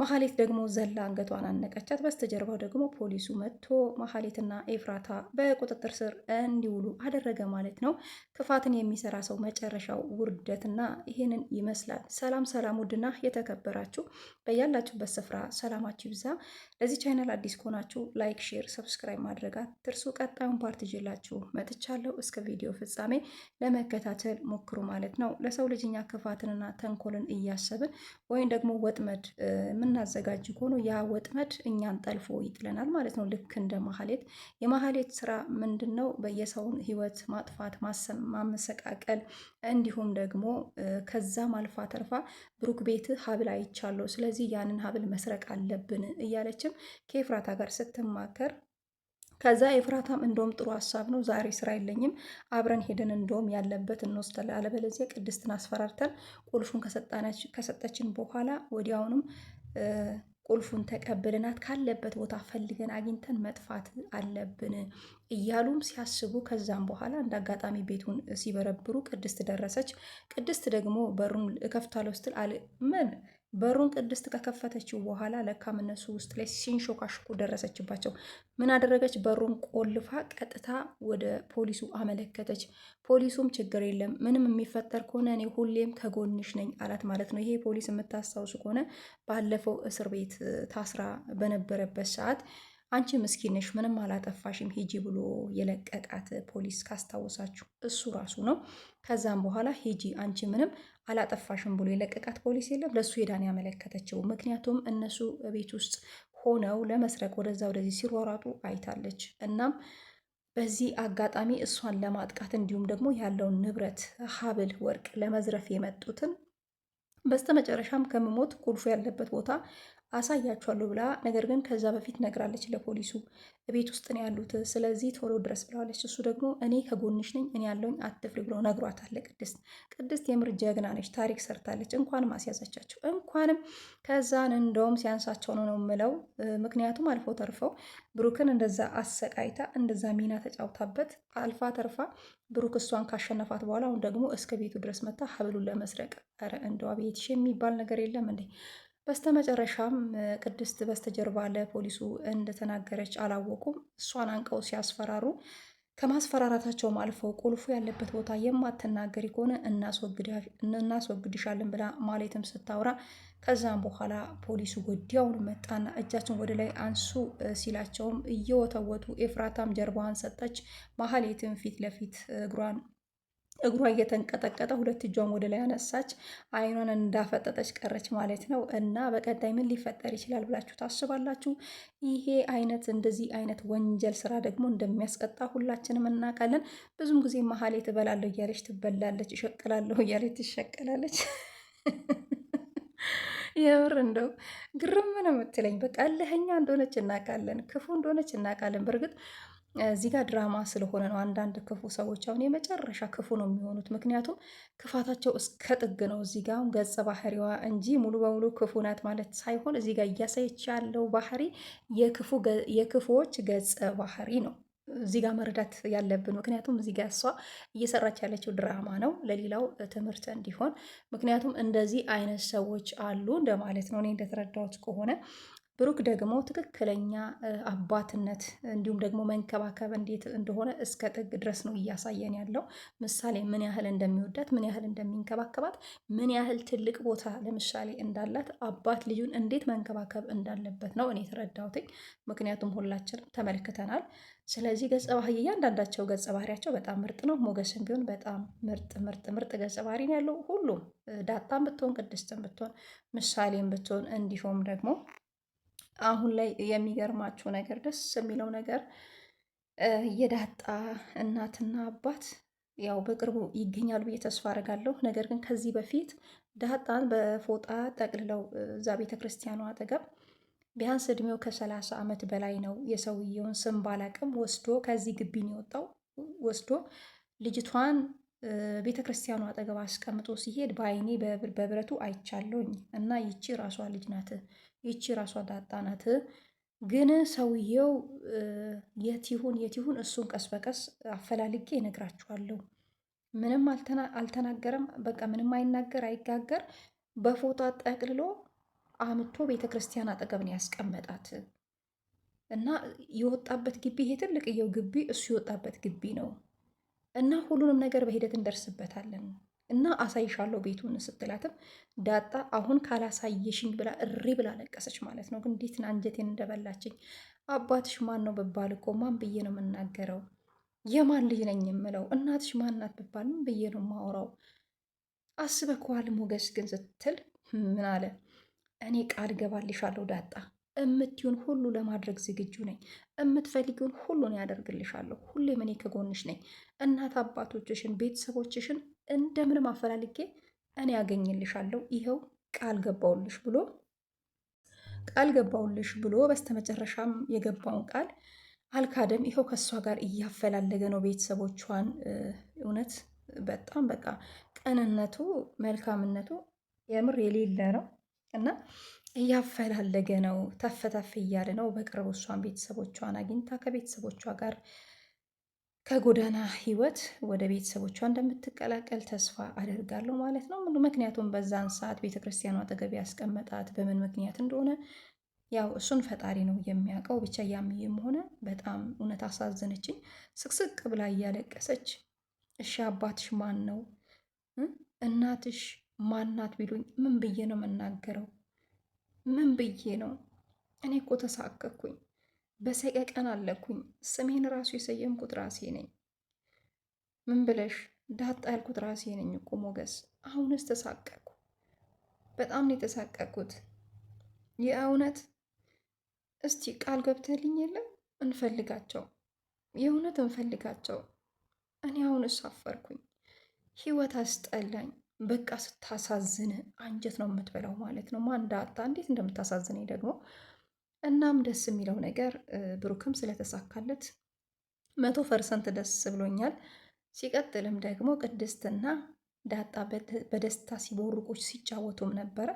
መሀሌት ደግሞ ዘላ አንገቷን አነቀቻት። በስተጀርባው ደግሞ ፖሊሱ መጥቶ መሀሌትና ኤፍራታ በቁጥጥር ስር እንዲውሉ አደረገ ማለት ነው። ክፋትን የሚሰራ ሰው መጨረሻው ውርደትና ይህንን ይመስላል። ሰላም ሰላም! ውድና የተከበራችሁ በያላችሁበት ስፍራ ሰላማችሁ ይብዛ። ለዚህ ቻይናል አዲስ ከሆናችሁ ላይክ፣ ሼር፣ ሰብስክራይብ ማድረግ አትርሱ። ቀጣዩን ፓርት ይዤላችሁ መጥቻለሁ። እስከ ቪዲዮ ፍጻሜ ለመከታተል ሞክሩ ማለት ነው። ለሰው ልጅኛ ክፋትንና ተንኮልን እያሰብን ወይም ደግሞ ወጥመድ የምናዘጋጅ ከሆኑ ያ ወጥመድ እኛን ጠልፎ ይጥለናል ማለት ነው። ልክ እንደ ማህሌት። የማህሌት ስራ ምንድን ነው? በየሰውን ህይወት ማጥፋት፣ ማመሰቃቀል እንዲሁም ደግሞ ከዛም አልፋ ተርፋ ብሩክ ቤት ሀብል አይቻለሁ፣ ስለዚህ ያንን ሀብል መስረቅ አለብን እያለችም ከኤፍራታ ጋር ስትማከር ከዛ ኤፍራታም እንደውም ጥሩ ሀሳብ ነው፣ ዛሬ ስራ የለኝም፣ አብረን ሄደን እንደውም ያለበት እንወስዳለን፣ አለበለዚያ ቅድስትን አስፈራርተን ቁልፉን ከሰጠችን በኋላ ወዲያውኑም ቁልፉን ተቀብለናት ካለበት ቦታ ፈልገን አግኝተን መጥፋት አለብን እያሉም ሲያስቡ ከዛም በኋላ እንደ አጋጣሚ ቤቱን ሲበረብሩ ቅድስት ደረሰች። ቅድስት ደግሞ በሩን እከፍታለሁ ስትል ምን በሩን ቅድስት ከከፈተችው በኋላ ለካም እነሱ ውስጥ ላይ ሲንሾካሽኩ ደረሰችባቸው። ምን አደረገች? በሩን ቆልፋ ቀጥታ ወደ ፖሊሱ አመለከተች። ፖሊሱም ችግር የለም ምንም የሚፈጠር ከሆነ እኔ ሁሌም ከጎንሽ ነኝ አላት ማለት ነው። ይሄ ፖሊስ የምታስታውሱ ከሆነ ባለፈው እስር ቤት ታስራ በነበረበት ሰዓት አንቺ ምስኪን ነሽ ምንም አላጠፋሽም ሂጂ ብሎ የለቀቃት ፖሊስ ካስታወሳችሁ እሱ ራሱ ነው። ከዛም በኋላ ሂጂ አንቺ ምንም አላጠፋሽም ብሎ የለቀቃት ፖሊስ የለም፣ ለእሱ ሄዳን ያመለከተችው። ምክንያቱም እነሱ ቤት ውስጥ ሆነው ለመስረቅ ወደዛ ወደዚህ ሲሯሯጡ አይታለች። እናም በዚህ አጋጣሚ እሷን ለማጥቃት እንዲሁም ደግሞ ያለውን ንብረት ሀብል፣ ወርቅ ለመዝረፍ የመጡትን በስተመጨረሻም ከምሞት ቁልፉ ያለበት ቦታ አሳያችኋለሁ ብላ ነገር ግን ከዛ በፊት ነግራለች ለፖሊሱ ቤት ውስጥ ነው ያሉት፣ ስለዚህ ቶሎ ድረስ ብለዋለች። እሱ ደግሞ እኔ ከጎንሽ ነኝ፣ እኔ ያለውኝ አትፍሪ ብሎ ነግሯታል። ቅድስት ቅድስት የምር ጀግና ነች፣ ታሪክ ሰርታለች። እንኳንም አስያዛቻቸው፣ እንኳንም ከዛን እንደውም ሲያንሳቸው ነው ነው የምለው። ምክንያቱም አልፎ ተርፈው ብሩክን እንደዛ አሰቃይታ እንደዛ ሚና ተጫውታበት አልፋ ተርፋ ብሩክ እሷን ካሸነፋት በኋላ አሁን ደግሞ እስከ ቤቱ ድረስ መታ ሀብሉን ለመስረቅ ረ እንደዋ ቤትሽ የሚባል ነገር የለም እንዴ? በስተመጨረሻም ቅድስት በስተጀርባ ለፖሊሱ እንደተናገረች አላወቁም። እሷን አንቀው ሲያስፈራሩ ከማስፈራራታቸውም አልፈው ቁልፉ ያለበት ቦታ የማትናገሪ ከሆነ እናስወግድሻለን ብላ ማለትም ስታወራ፣ ከዛም በኋላ ፖሊሱ ወዲያውኑ መጣና እጃችን ወደ ላይ አንሱ ሲላቸውም እየወተወቱ ኤፍራታም ጀርባዋን ሰጠች። ማህሌትም ፊት ለፊት እግሯን እግሯ እየተንቀጠቀጠ ሁለት እጇን ወደ ላይ አነሳች። አይኗን እንዳፈጠጠች ቀረች ማለት ነው። እና በቀጣይ ምን ሊፈጠር ይችላል ብላችሁ ታስባላችሁ? ይሄ አይነት እንደዚህ አይነት ወንጀል ስራ ደግሞ እንደሚያስቀጣ ሁላችንም እናውቃለን። ብዙም ጊዜ መሀል ትበላለሁ እያለች ትበላለች፣ እሸቅላለሁ እያለች ትሸቀላለች። የምር እንደው ግርም ነው የምትለኝ። በቃ እልኸኛ እንደሆነች እናውቃለን፣ ክፉ እንደሆነች እናውቃለን በእርግጥ እዚህ ጋር ድራማ ስለሆነ ነው። አንዳንድ ክፉ ሰዎች አሁን የመጨረሻ ክፉ ነው የሚሆኑት፣ ምክንያቱም ክፋታቸው እስከ ጥግ ነው። እዚህ ጋር ገጸ ባህሪዋ እንጂ ሙሉ በሙሉ ክፉ ናት ማለት ሳይሆን እዚህ ጋር እያሳየች ያለው ባህሪ የክፉዎች ገጸ ባህሪ ነው። እዚህ ጋር መረዳት ያለብን ምክንያቱም እዚህ ጋር እሷ እየሰራች ያለችው ድራማ ነው፣ ለሌላው ትምህርት እንዲሆን። ምክንያቱም እንደዚህ አይነት ሰዎች አሉ እንደማለት ነው እኔ እንደተረዳሁት ከሆነ ብሩክ ደግሞ ትክክለኛ አባትነት እንዲሁም ደግሞ መንከባከብ እንዴት እንደሆነ እስከ ጥግ ድረስ ነው እያሳየን ያለው። ምሳሌ ምን ያህል እንደሚወዳት፣ ምን ያህል እንደሚንከባከባት፣ ምን ያህል ትልቅ ቦታ ለምሳሌ እንዳላት፣ አባት ልጁን እንዴት መንከባከብ እንዳለበት ነው እኔ የተረዳሁትኝ። ምክንያቱም ሁላችንም ተመልክተናል። ስለዚህ ገጸ ባህሪ እያንዳንዳቸው ገጸ ባህሪያቸው በጣም ምርጥ ነው። ሞገስም ቢሆን በጣም ምርጥ ምርጥ ምርጥ ገጸ ባህሪ ነው ያለው ሁሉም ዳጣም ብትሆን ቅድስትም ብትሆን ምሳሌም ብትሆን እንዲሁም ደግሞ አሁን ላይ የሚገርማችሁ ነገር ደስ የሚለው ነገር የዳጣ እናትና አባት ያው በቅርቡ ይገኛሉ ብዬ ተስፋ አደርጋለሁ። ነገር ግን ከዚህ በፊት ዳጣን በፎጣ ጠቅልለው እዛ ቤተ ክርስቲያኗ አጠገብ ቢያንስ እድሜው ከሰላሳ ዓመት በላይ ነው የሰውየውን ስም ባላቅም ወስዶ ከዚህ ግቢ ነው የወጣው ወስዶ ልጅቷን ቤተ ክርስቲያኑ አጠገብ አስቀምጦ ሲሄድ በአይኔ በብረቱ አይቻለውኝ እና ይቺ ራሷ ልጅ ናት፣ ይቺ ራሷ ዳጣ ናት። ግን ሰውየው የት ይሁን የት ይሁን እሱን ቀስ በቀስ አፈላልጌ እነግራችኋለሁ። ምንም አልተናገረም። በቃ ምንም አይናገር አይጋገር፣ በፎጣ ጠቅልሎ አምቶ ቤተ ክርስቲያን አጠገብ ነው ያስቀመጣት እና የወጣበት ግቢ ይሄ ትልቅየው ግቢ እሱ የወጣበት ግቢ ነው። እና ሁሉንም ነገር በሂደት እንደርስበታለን እና አሳይሻለሁ ቤቱን ስትላትም ዳጣ አሁን ካላሳየሽኝ ብላ እሪ ብላ ለቀሰች ማለት ነው። ግን እንዴት አንጀቴን እንደበላችኝ አባትሽ ማን ነው ብባል እኮ ማን ብዬ ነው የምናገረው? የማን ልጅ ነኝ የምለው? እናትሽ ማናት ብባል ምን ብዬ ነው የማወራው? አስበከዋል ሞገስ ግን ስትል ምን አለ እኔ ቃል ገባልሻለሁ ዳጣ እምትዩን ሁሉ ለማድረግ ዝግጁ ነኝ። እምትፈልጊውን ሁሉን ያደርግልሻለሁ። ሁሌ እኔ ከጎንሽ ነኝ። እናት አባቶችሽን፣ ቤተሰቦችሽን እንደምንም አፈላልጌ እኔ ያገኝልሻለሁ። ይኸው ቃል ገባውልሽ ብሎ ቃል ገባውልሽ ብሎ በስተመጨረሻም የገባውን ቃል አልካደም። ይኸው ከእሷ ጋር እያፈላለገ ነው ቤተሰቦቿን። እውነት በጣም በቃ ቀንነቱ መልካምነቱ የምር የሌለ ነው። እና እያፈላለገ ነው። ተፍ ተፍ እያለ ነው። በቅርብ እሷን ቤተሰቦቿን አግኝታ ከቤተሰቦቿ ጋር ከጎዳና ህይወት ወደ ቤተሰቦቿ እንደምትቀላቀል ተስፋ አደርጋለሁ ማለት ነው። ምክንያቱም በዛን ሰዓት ቤተክርስቲያኑ አጠገብ ያስቀመጣት በምን ምክንያት እንደሆነ ያው እሱን ፈጣሪ ነው የሚያውቀው። ብቻ ያምዬም ሆነ በጣም እውነት አሳዘነችኝ። ስቅስቅ ብላ እያለቀሰች እሺ አባትሽ ማን ነው? እናትሽ ማናት ቢሉኝ ምን ብዬ ነው የምናገረው? ምን ብዬ ነው? እኔ እኮ ተሳቀኩኝ፣ በሰቀቀን አለኩኝ። ስሜን ራሱ የሰየምኩት ራሴ ነኝ። ምን ብለሽ ዳጣ ያልኩት ራሴ ነኝ እኮ ሞገስ። አሁንስ ተሳቀኩ። በጣም ነው የተሳቀኩት የእውነት። እስቲ ቃል ገብተልኝ የለም እንፈልጋቸው፣ የእውነት እንፈልጋቸው። እኔ አሁን እሳፈርኩኝ። ህይወት አስጠላኝ። በቃ ስታሳዝን አንጀት ነው የምትበላው ማለት ነው። ማንዳታ እንዴት እንደምታሳዝነኝ ደግሞ። እናም ደስ የሚለው ነገር ብሩክም ስለተሳካለት መቶ ፐርሰንት ደስ ብሎኛል። ሲቀጥልም ደግሞ ቅድስትና ዳጣ በደስታ ሲቦርቁች ሲጫወቱም ነበረ።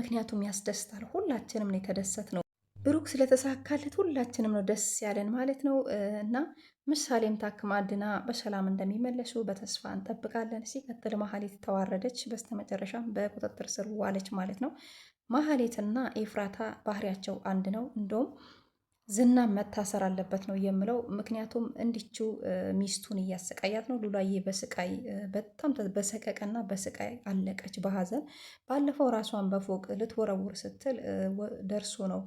ምክንያቱም ያስደስታል። ሁላችንም ነው የተደሰት ነው። ብሩክ ስለተሳካለት ሁላችንም ነው ደስ ያለን ማለት ነው። እና ምሳሌም ታክማ አድና በሰላም እንደሚመለሱ በተስፋ እንጠብቃለን። ሲቀጥል መሀሌት ተዋረደች፣ በስተመጨረሻም በቁጥጥር ስር ዋለች ማለት ነው። መሀሌትና ኤፍራታ ባህሪያቸው አንድ ነው። እንደውም ዝና መታሰር አለበት ነው የምለው። ምክንያቱም እንዲቹ ሚስቱን እያሰቃያት ነው። ሉላዬ በስቃይ በጣም በሰቀቀና በስቃይ አለቀች በሀዘን። ባለፈው ራሷን በፎቅ ልትወረውር ስትል ደርሶ ነው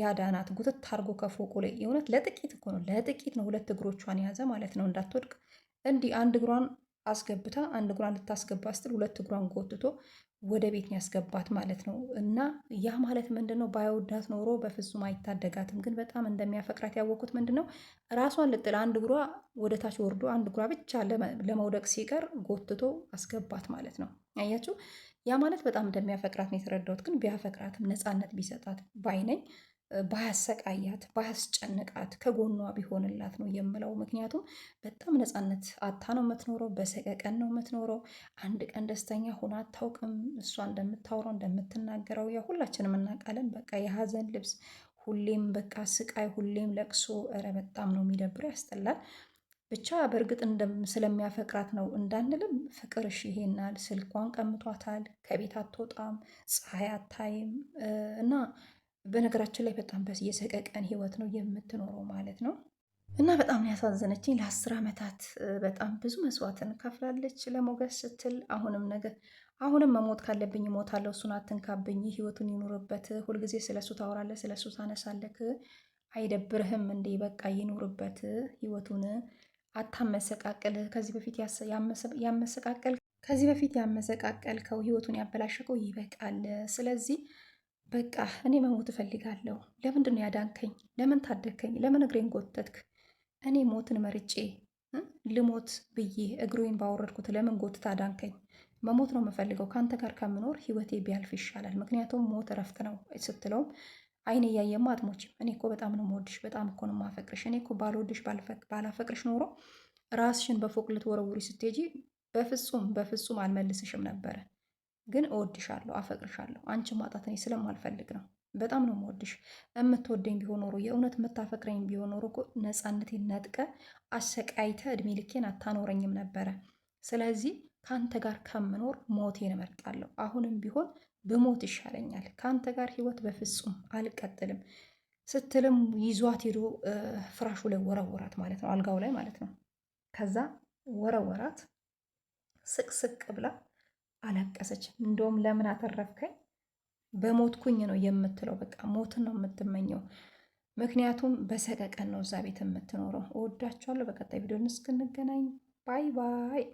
ያዳናት ጉትት አድርጎ ከፎቁ ላይ የእውነት ለጥቂት እኮ ነው፣ ለጥቂት ነው። ሁለት እግሮቿን የያዘ ማለት ነው እንዳትወድቅ። እንዲህ አንድ እግሯን አስገብታ አንድ እግሯን ልታስገባ ስትል ሁለት እግሯን ጎትቶ ወደ ቤት ያስገባት ማለት ነው። እና ያ ማለት ምንድን ነው? ባይወዳት ኖሮ በፍጹም አይታደጋትም። ግን በጣም እንደሚያፈቅራት ያወቁት ምንድን ነው? ራሷን ልጥል አንድ እግሯ ወደ ታች ወርዶ አንድ እግሯ ብቻ ለመውደቅ ሲቀር ጎትቶ አስገባት ማለት ነው። አያችሁ፣ ያ ማለት በጣም እንደሚያፈቅራት ነው የተረዳሁት። ግን ቢያፈቅራትም ነፃነት ቢሰጣት ባይነኝ ባያሰቃያት ባያስጨንቃት ከጎኗ ቢሆንላት ነው የምለው። ምክንያቱም በጣም ነፃነት አታ ነው የምትኖረው፣ በሰቀቀን ነው የምትኖረው። አንድ ቀን ደስተኛ ሆና አታውቅም። እሷ እንደምታውረው እንደምትናገረው ያ ሁላችንም እናውቃለን። በቃ የሀዘን ልብስ ሁሌም በቃ ስቃይ፣ ሁሌም ለቅሶ። እረ በጣም ነው የሚደብረው፣ ያስጠላል። ብቻ በእርግጥ ስለሚያፈቅራት ነው እንዳንልም፣ ፍቅር እሺ ይሄናል። ስልኳን ቀምቷታል፣ ከቤት አትወጣም፣ ፀሐይ አታይም እና በነገራችን ላይ በጣም የሰቀቀን ህይወት ነው የምትኖረው ማለት ነው። እና በጣም ያሳዘነችኝ ለአስር ዓመታት በጣም ብዙ መስዋዕትን ከፍላለች ለሞገስ ስትል አሁንም ነገር አሁንም መሞት ካለብኝ እሞታለሁ፣ እሱን አትንካብኝ፣ ህይወቱን ይኑርበት፣ ሁልጊዜ ስለሱ ታወራለህ፣ ስለሱ ታነሳለክ፣ አይደብርህም እንዴ? በቃ ይኑርበት ህይወቱን አታመሰቃቅል። ከዚህ በፊት ያመሰቃቀል ከዚህ በፊት ያመሰቃቀልከው ህይወቱን ያበላሸከው ይበቃል። ስለዚህ በቃ እኔ መሞት እፈልጋለሁ። ለምንድን ነው ያዳንከኝ? ለምን ታደግከኝ? ለምን እግሬን ጎተትክ? እኔ ሞትን መርጬ ልሞት ብዬ እግሬን ባወረድኩት ለምን ጎትታ አዳንከኝ? መሞት ነው የምፈልገው። ከአንተ ጋር ከምኖር ህይወቴ ቢያልፍ ይሻላል። ምክንያቱም ሞት እረፍት ነው ስትለውም አይን እያየማ አትሞችም። እኔ እኮ በጣም ነው የምወድሽ፣ በጣም እኮ ነው የማፈቅርሽ። እኔ እኮ ባልወድሽ ባላፈቅርሽ ኖሮ ራስሽን በፎቅ ልትወረውሪ ስትሄጂ በፍጹም በፍጹም አልመልስሽም ነበረ። ግን እወድሻለሁ፣ አፈቅርሻለሁ አንቺ ማጣት እኔ ስለማልፈልግ ነው። በጣም ነው የምወድሽ። የምትወደኝ ቢሆን ኖሮ የእውነት የምታፈቅረኝ ቢሆን ኖሮ ነፃነቴን ነጥቀ አሰቃይተ እድሜ ልኬን አታኖረኝም ነበረ። ስለዚህ ከአንተ ጋር ከምኖር ሞቴን እመርጣለሁ። አሁንም ቢሆን ብሞት ይሻለኛል። ከአንተ ጋር ህይወት በፍጹም አልቀጥልም ስትልም ይዟት ሄዶ ፍራሹ ላይ ወረወራት ማለት ነው፣ አልጋው ላይ ማለት ነው። ከዛ ወረወራት ስቅስቅ ብላ አለቀሰች። እንደውም ለምን አተረፍከኝ በሞትኩኝ ነው የምትለው። በቃ ሞትን ነው የምትመኘው። ምክንያቱም በሰቀቀን ነው እዛ ቤት የምትኖረው። ወዳቸዋለሁ በቀጣይ ቪዲዮ እስክንገናኝ ባይ ባይ።